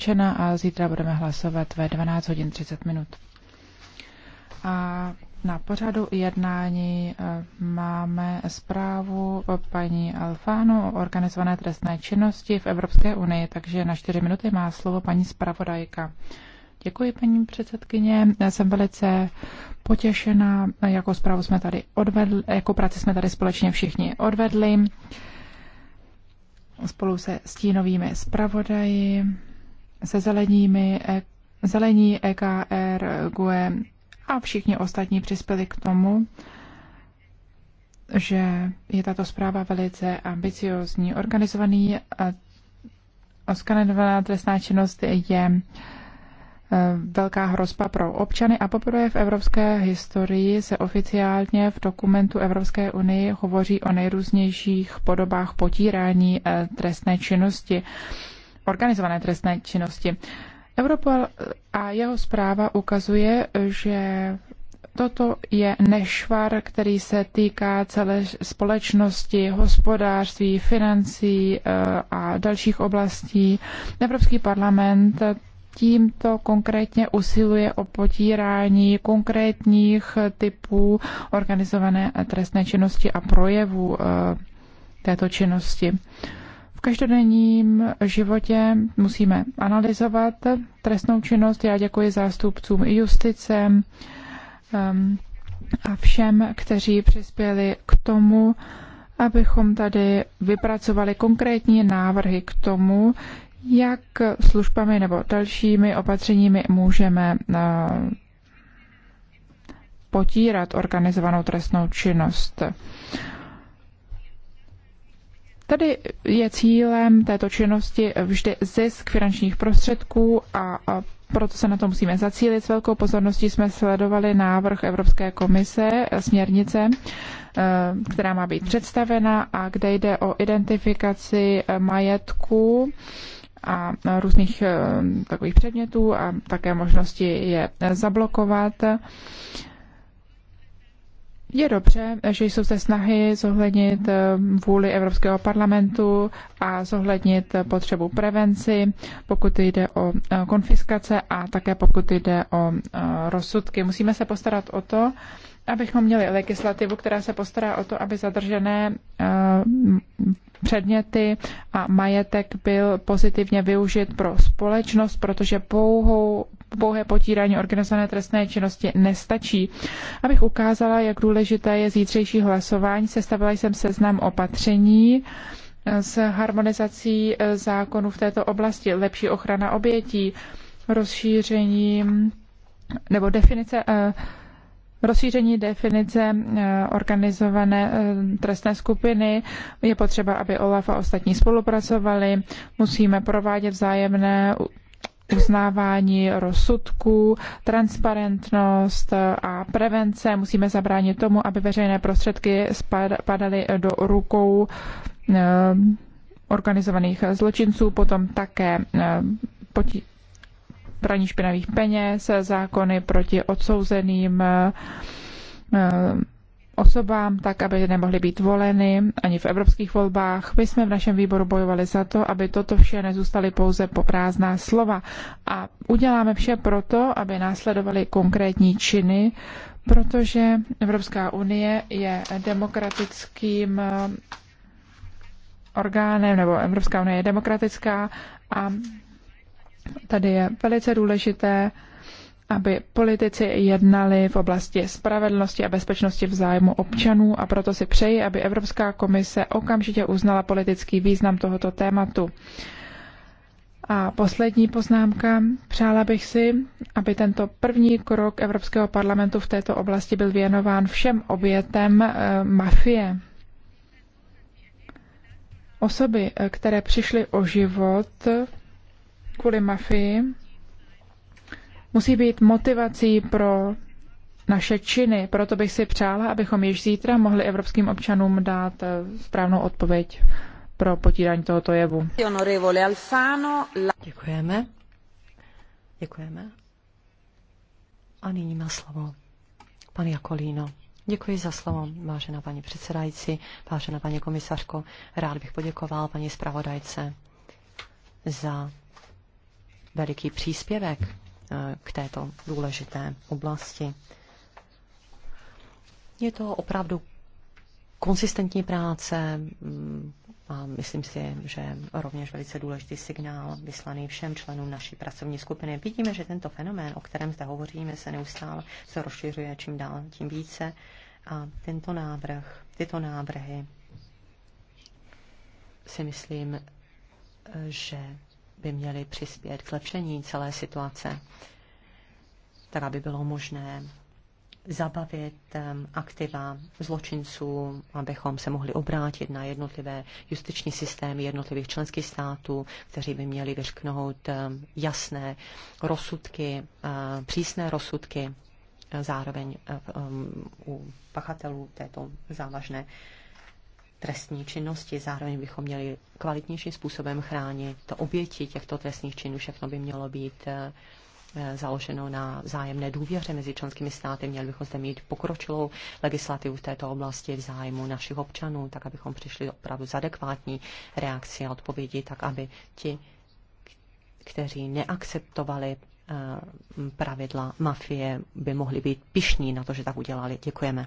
ukončena a zítra budeme hlasovat ve 12 hodin 30 minut. A na pořadu jednání eh, máme zprávu paní Alfánu o organizované trestné činnosti v Evropské unii, takže na čtyři minuty má slovo paní zpravodajka. Děkuji, paní předsedkyně. Já jsem velice potěšena, jakou zprávu jsme tady odvedli, jakou práci jsme tady společně všichni odvedli spolu se stínovými zpravodaji se zeleními, e, zelení EKR, GUE a všichni ostatní přispěli k tomu, že je tato zpráva velice ambiciozní. Organizovaný Oskanedovaná trestná činnost je e, velká hrozba pro občany a poprvé v evropské historii se oficiálně v dokumentu Evropské unie hovoří o nejrůznějších podobách potírání e, trestné činnosti organizované trestné činnosti. Europol a jeho zpráva ukazuje, že toto je nešvar, který se týká celé společnosti, hospodářství, financí eh, a dalších oblastí. Evropský parlament tímto konkrétně usiluje o potírání konkrétních typů organizované trestné činnosti a projevů eh, této činnosti každodenním životě musíme analyzovat trestnou činnost. Já děkuji zástupcům i justice um, a všem, kteří přispěli k tomu, abychom tady vypracovali konkrétní návrhy k tomu, jak službami nebo dalšími opatřeními můžeme uh, potírat organizovanou trestnou činnost. Tady je cílem této činnosti vždy zisk finančních prostředků a proto se na to musíme zacílit. S velkou pozorností jsme sledovali návrh Evropské komise, eh, směrnice, eh, která má být představena a kde jde o identifikaci eh, majetku a různých takových předmětů a také možnosti je zablokovat. Je dobře, že jsou zde snahy zohlednit eh, vůli Evropského parlamentu a zohlednit potřebu prevenci, pokud jde o eh, konfiskace a také pokud jde o eh, rozsudky. Musíme se postarat o to, abychom měli legislativu, která se postará o to, aby zadržené eh, předměty a majetek byl pozitivně využit pro společnost, protože pouhou, pouhé potírání organizované trestné činnosti nestačí. Abych ukázala, jak důležité je zítřejší hlasování, sestavila jsem seznam opatření, eh, s harmonizací eh, zákonů v této oblasti, lepší ochrana obětí, rozšíření nebo definice rozšíření definice eh, organizované eh, trestné skupiny. Je potřeba, aby OLAF a ostatní spolupracovali. Musíme provádět vzájemné uznávání rozsudků, transparentnost eh, a prevence. Musíme zabránit tomu, aby veřejné prostředky spadaly do rukou organizovaných zločinců, potom také praní špinavých peněz, zákony proti odsouzeným eh, eh, osobám, tak aby nemohly být voleny ani v evropských volbách. My jsme v našem výboru bojovali za to, aby toto vše nezůstaly pouze po prázdná slova. A uděláme vše proto, aby následovaly konkrétní činy, protože Evropská unie je demokratickým eh, orgánem, nebo Evropská unie je demokratická a Tady je velice důležité, aby politici jednali v oblasti spravedlnosti a bezpečnosti v zájmu občanů a proto si přeji, aby Evropská komise okamžitě uznala politický význam tohoto tématu. A poslední poznámka. Přála bych si, aby tento první krok Evropského parlamentu v této oblasti byl věnován všem obětem e, mafie. Osoby, eh, které přišly o život, kvůli mafii musí být motivací pro naše činy. Proto bych si přála, abychom již zítra mohli evropským občanům dát eh, správnou odpověď pro potírání tohoto jevu. Děkujeme. Děkujeme. A nyní má slovo pan Jakolíno. Děkuji za slovo, vážená paní předsedající, vážená paní komisařko. Rád bych poděkoval paní zpravodajce za veliký příspěvek eh, k této důležité oblasti. Je to opravdu konsistentní práce mm, a myslím si, že rovněž velice důležitý signál vyslaný všem členům naší pracovní skupiny. Vidíme, že tento fenomén, o kterém zde hovoříme, se neustále se rozšiřuje čím dál tím více a tento návrh, tyto návrhy si myslím, že by měly přispět k lepšení celé situace, tak aby bylo možné zabavit aktiva zločinců, abychom se mohli obrátit na jednotlivé justiční systémy jednotlivých členských států, kteří by měli vyřknout jasné rozsudky, přísné rozsudky zároveň u pachatelů této závažné trestní činnosti. Zároveň bychom měli kvalitnějším způsobem chránit to oběti těchto trestných činů. Všechno by mělo být eh, založeno na zájemné důvěře mezi členskými státy. Měli bychom zde mít pokročilou legislativu v této oblasti v zájmu našich občanů, tak abychom přišli opravdu z adekvátní reakci a odpovědi, tak aby ti, kteří neakceptovali eh, pravidla mafie, by mohli být pišní na to, že tak udělali. Děkujeme.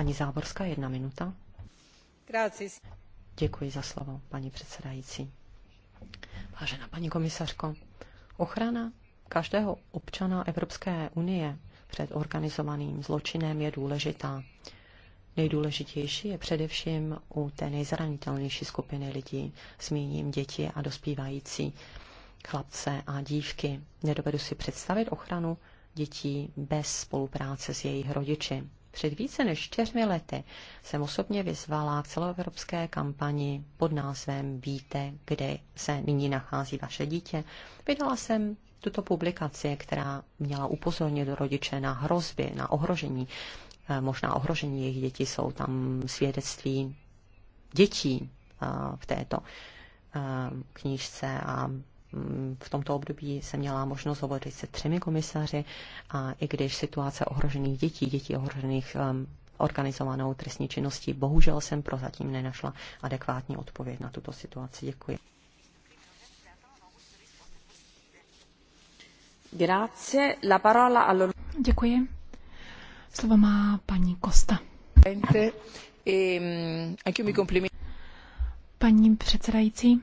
Paní Záborská, jedna minuta. Děkuji za slovo, paní předsedající. Vážená paní komisařko, ochrana každého občana Evropské unie před organizovaným zločinem je důležitá. Nejdůležitější je především u té nejzranitelnější skupiny lidí, zmíním děti a dospívající chlapce a dívky. Nedovedu si představit ochranu dětí bez spolupráce s jejich rodiči. Před více než čtyřmi lety jsem osobně vyzvala k celoevropské kampani pod názvem Víte, kde se nyní nachází vaše dítě. Vydala jsem tuto publikaci, která měla upozornit rodiče na hrozby, na ohrožení, eh, možná ohrožení jejich dětí. Jsou tam svědectví dětí eh, v této eh, knížce a Mm, v tomto období jsem měla možnost hovořit se třemi komisaři a i když situace ohrožených dětí, dětí ohrožených um, organizovanou trestní činností, bohužel jsem prozatím nenašla adekvátní odpověď na tuto situaci. Děkuji. Grazie. La parola allo... Děkuji. Slovo má paní Kosta. Ehm, paní předsedající,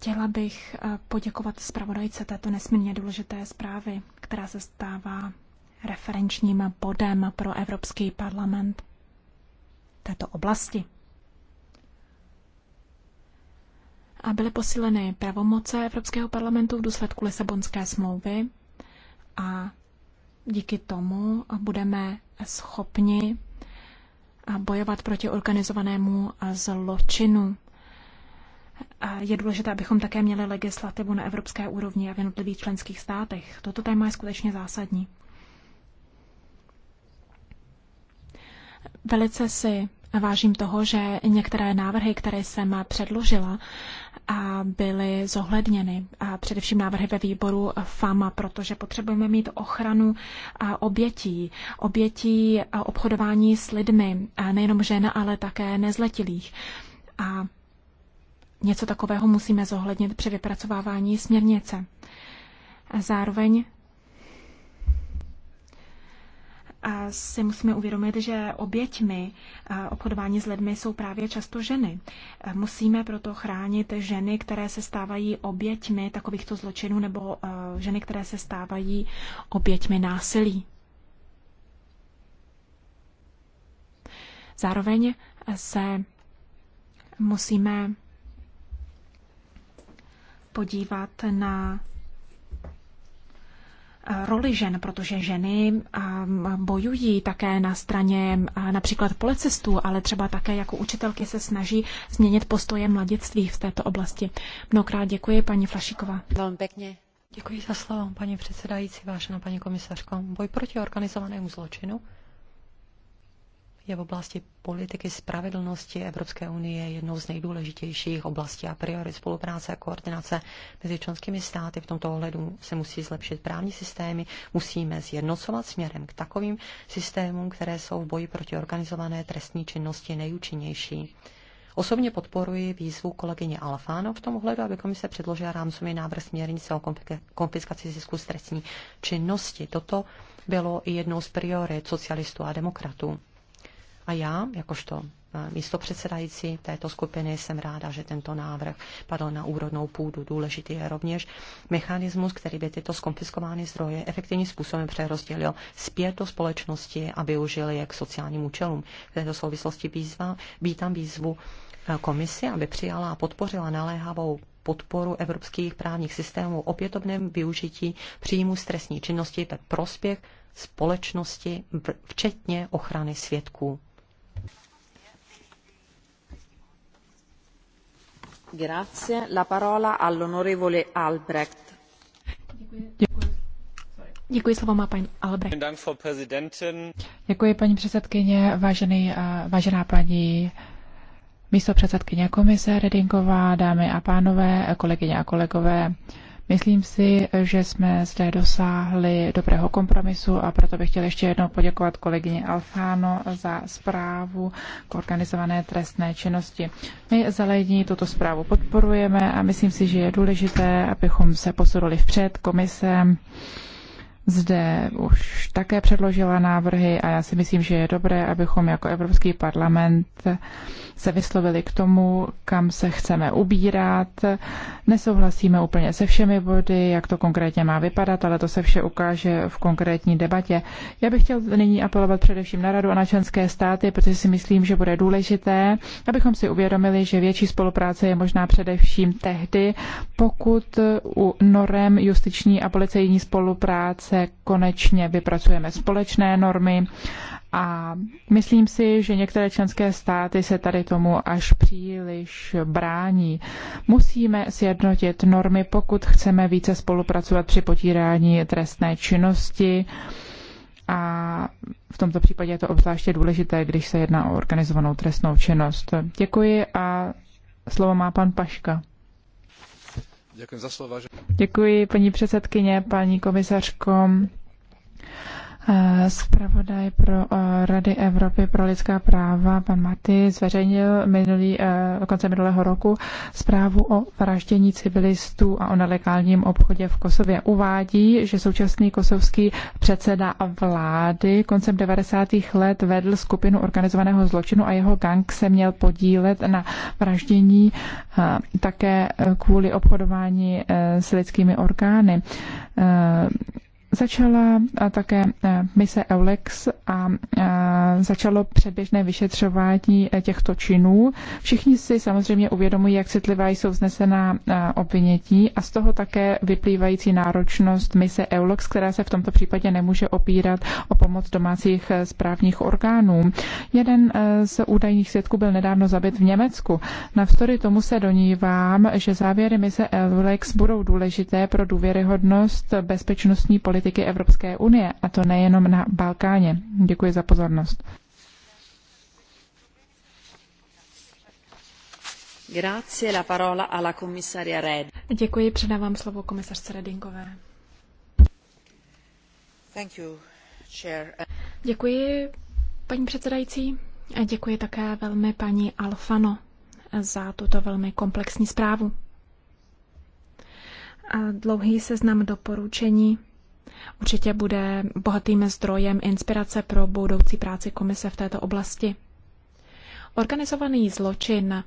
Chtěla bych eh, poděkovat zpravodajce této nesmírně důležité zprávy, která se stává referenčním bodem pro Evropský parlament této oblasti. A byly posíleny pravomoce Evropského parlamentu v důsledku Lisabonské smlouvy a díky tomu budeme schopni bojovat proti organizovanému zločinu je důležité, abychom také měli legislativu na evropské úrovni a v jednotlivých členských státech. Toto téma je skutečně zásadní. Velice si vážím toho, že některé návrhy, které jsem předložila, a byly zohledněny. A především návrhy ve výboru FAMA, protože potřebujeme mít ochranu obětí, obětí obchodování s lidmi, nejenom žen, ale také nezletilých. A Něco takového musíme zohlednit při vypracovávání směrnice. A zároveň a si musíme uvědomit, že oběťmi obchodování s lidmi jsou právě často ženy. Musíme proto chránit ženy, které se stávají oběťmi takovýchto zločinů nebo ženy, které se stávají oběťmi násilí. Zároveň se musíme podívat na eh, roli žen, protože ženy eh, bojují také na straně eh, například policistů, ale třeba také jako učitelky se snaží změnit postoje mladictví v této oblasti. Mnohokrát děkuji, paní Flašíková. Velmi pěkně. Děkuji za slovo, paní předsedající, vážená paní komisařko. Boj proti organizovanému zločinu je v oblasti politiky spravedlnosti Evropské unie jednou z nejdůležitějších oblastí a priorit spolupráce a koordinace mezi členskými státy. V tomto ohledu se musí zlepšit právní systémy, musíme zjednocovat směrem k takovým systémům, které jsou v boji proti organizované trestní činnosti nejúčinnější. Osobně podporuji výzvu kolegyně Alfáno v tom ohledu, aby komise předložila rámcový návrh směrnice o konfiskaci zisku z trestní činnosti. Toto bylo i jednou z priorit socialistů a demokratů. A já, jakožto eh, místo předsedající této skupiny jsem ráda, že tento návrh padl na úrodnou půdu. Důležitý je rovněž mechanismus, který by tyto skonfiskovány zdroje efektivním způsobem přerozdělil zpět do společnosti a využil je k sociálním účelům. V této souvislosti výzva, vítám výzvu eh, komisi, aby přijala a podpořila naléhavou podporu evropských právních systémů opětovném využití příjmu stresní činnosti ve prospěch společnosti, včetně ochrany svědků. Děkuji. paní předsedkyně, eh, vážená paní místo předsedkyně komise redingová dámy a pánové, kolegyně a kolegové. Myslím si, že jsme zde dosáhli dobrého kompromisu a proto bych chtěl ještě jednou poděkovat kolegyni Alfáno za zprávu k organizované trestné činnosti. My zelení tuto zprávu podporujeme a myslím si, že je důležité, abychom se posunuli vpřed komisem zde už také předložila návrhy a já si myslím, že je dobré, abychom jako Evropský parlament se vyslovili k tomu, kam se chceme ubírat. Nesouhlasíme úplně se všemi body, jak to konkrétně má vypadat, ale to se vše ukáže v konkrétní debatě. Já bych chtěl nyní apelovat především na radu a na členské státy, protože si myslím, že bude důležité, abychom si uvědomili, že větší spolupráce je možná především tehdy, pokud u norem justiční a policejní spolupráce se konečně vypracujeme společné normy a myslím si, že některé členské státy se tady tomu až příliš brání. Musíme sjednotit normy, pokud chceme více spolupracovat při potírání trestné činnosti a v tomto případě je to obzvláště důležité, když se jedná o organizovanou trestnou činnost. Děkuji a slovo má pan Paška. Děkuji za paní předsedkyně, paní komisařko. Eh, zpravodaj pro eh, Rady Evropy pro lidská práva, pan Marty, zveřejnil minulý, eh, konce minulého roku zprávu o vraždění civilistů a o nelegálním obchodě v Kosově. Uvádí, že současný kosovský předseda vlády koncem 90. let vedl skupinu organizovaného zločinu a jeho gang se měl podílet na vraždění také kvůli obchodování s lidskými orgány Začala také e, mise Eulex a e, začalo předběžné vyšetřování e, těchto činů. Všichni si samozřejmě uvědomují, jak citlivá jsou vznesená obvinětí a z toho také vyplývající náročnost mise Eulex, která se v tomto případě nemůže opírat o pomoc domácích správních orgánů. Jeden z údajných svědků byl nedávno zabit v Německu. Navzdory tomu se donívám, že závěry mise Eulex budou důležité pro důvěryhodnost bezpečnostní politiky politiky Evropské unie, a to nejenom na Balkáně. Děkuji za pozornost. Grazie la parola alla commissaria Red. Děkuji, předávám slovo komisařce Redingové. Thank you, chair. Děkuji, paní předsedající. A děkuji také velmi paní Alfano za tuto velmi komplexní zprávu. A dlouhý seznam doporučení Určitě bude bohatým zdrojem inspirace pro budoucí práci komise v této oblasti. Organizovaný zločin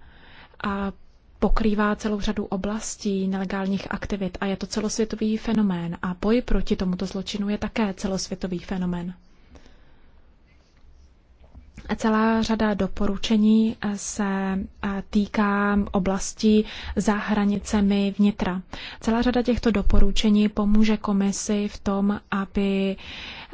a pokrývá celou řadu oblastí nelegálních aktivit a je to celosvětový fenomén a boj proti tomuto zločinu je také celosvětový fenomén. Celá řada doporučení se eh, týká oblasti za hranicemi vnitra. Celá řada těchto doporučení pomůže komisi v tom, aby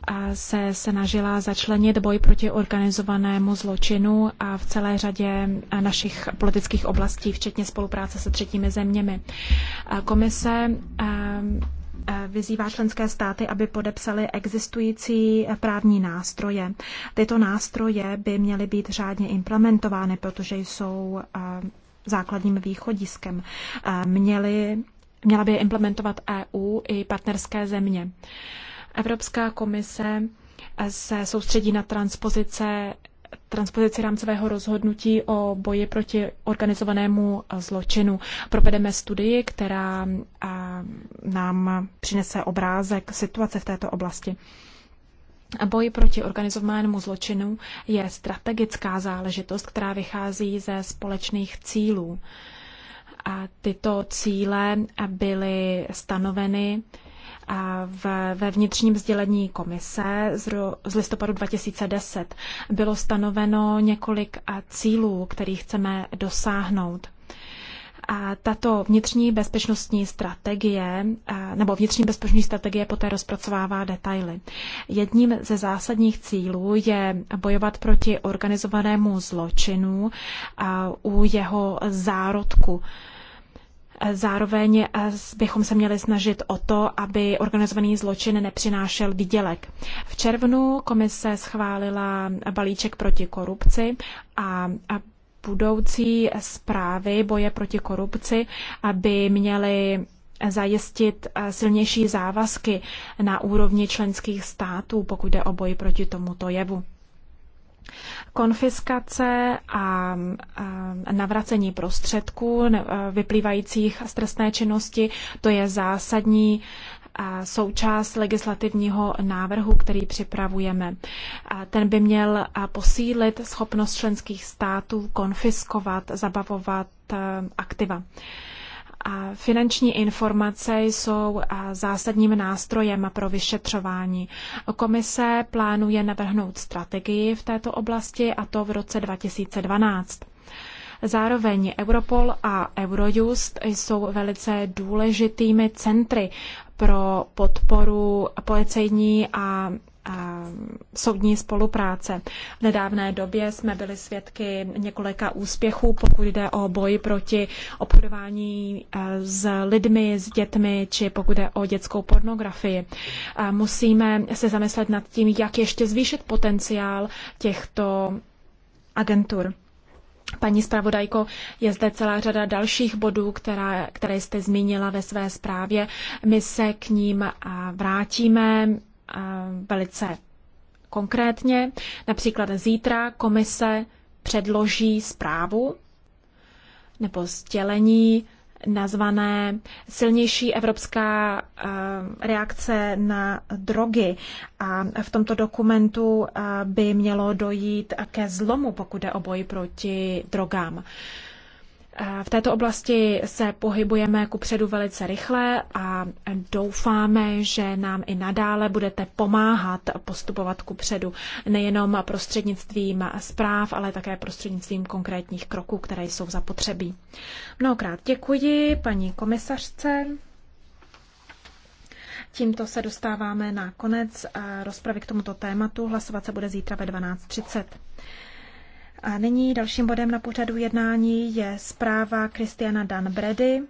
eh, se snažila začlenit boj proti organizovanému zločinu a v celé řadě eh, našich politických oblastí, včetně spolupráce se třetími zeměmi. Komise Eh, vyzývá členské státy, aby podepsaly existující právní nástroje. Tyto nástroje by měly být řádně implementovány, protože jsou eh, základním východiskem. Eh, měly, měla by je implementovat EU i partnerské země. Evropská komise se soustředí na transpozice transpozici rámcového rozhodnutí o boji proti organizovanému zločinu. Provedeme studii, která nám přinese obrázek situace v této oblasti. Boj proti organizovanému zločinu je strategická záležitost, která vychází ze společných cílů. A tyto cíle byly stanoveny ve vnitřním sdělení komise z listopadu 2010. Bylo stanoveno několik cílů, kterých chceme dosáhnout tato vnitřní bezpečnostní strategie, nebo vnitřní bezpečnostní strategie poté rozpracovává detaily. Jedním ze zásadních cílů je bojovat proti organizovanému zločinu u jeho zárodku. Zároveň bychom se měli snažit o to, aby organizovaný zločin nepřinášel výdělek. V červnu komise schválila balíček proti korupci a budoucí zprávy boje proti korupci, aby měly zajistit eh, silnější závazky na úrovni členských států, pokud jde o boj proti tomuto jevu. Konfiskace a eh, navracení prostředků eh, vyplývajících z trestné činnosti, to je zásadní součást legislativního návrhu, který připravujeme. Ten by měl posílit schopnost členských států konfiskovat, zabavovat e, aktiva. Finanční informace jsou zásadním nástrojem pro vyšetřování. Komise plánuje navrhnout strategii v této oblasti a to v roce 2012. Zároveň Europol a Eurojust jsou velice důležitými centry pro podporu policejní a soudní spolupráce. V nedávné době jsme byli svědky několika úspěchů, pokud jde o boj proti obchodování e, s lidmi, s dětmi, či pokud jde o dětskou pornografii. E, musíme se zamyslet nad tím, jak ještě zvýšit potenciál těchto agentur. Paní zpravodajko, je zde celá řada dalších bodů, která, které jste zmínila ve své zprávě. My se k ním vrátíme velice konkrétně. Například zítra komise předloží zprávu nebo sdělení nazvané Silnější evropská eh, reakce na drogy. A v tomto dokumentu eh, by mělo dojít ke zlomu, pokud jde o boj proti drogám. V této oblasti se pohybujeme ku předu velice rychle a doufáme, že nám i nadále budete pomáhat postupovat ku předu, nejenom prostřednictvím zpráv, ale také prostřednictvím konkrétních kroků, které jsou zapotřebí. Mnohokrát děkuji paní komisařce. Tímto se dostáváme na konec eh, rozpravy k tomuto tématu. Hlasovat se bude zítra ve 12.30. A nyní dalším bodem na pořadu jednání je zpráva Kristiana Dan Bredy.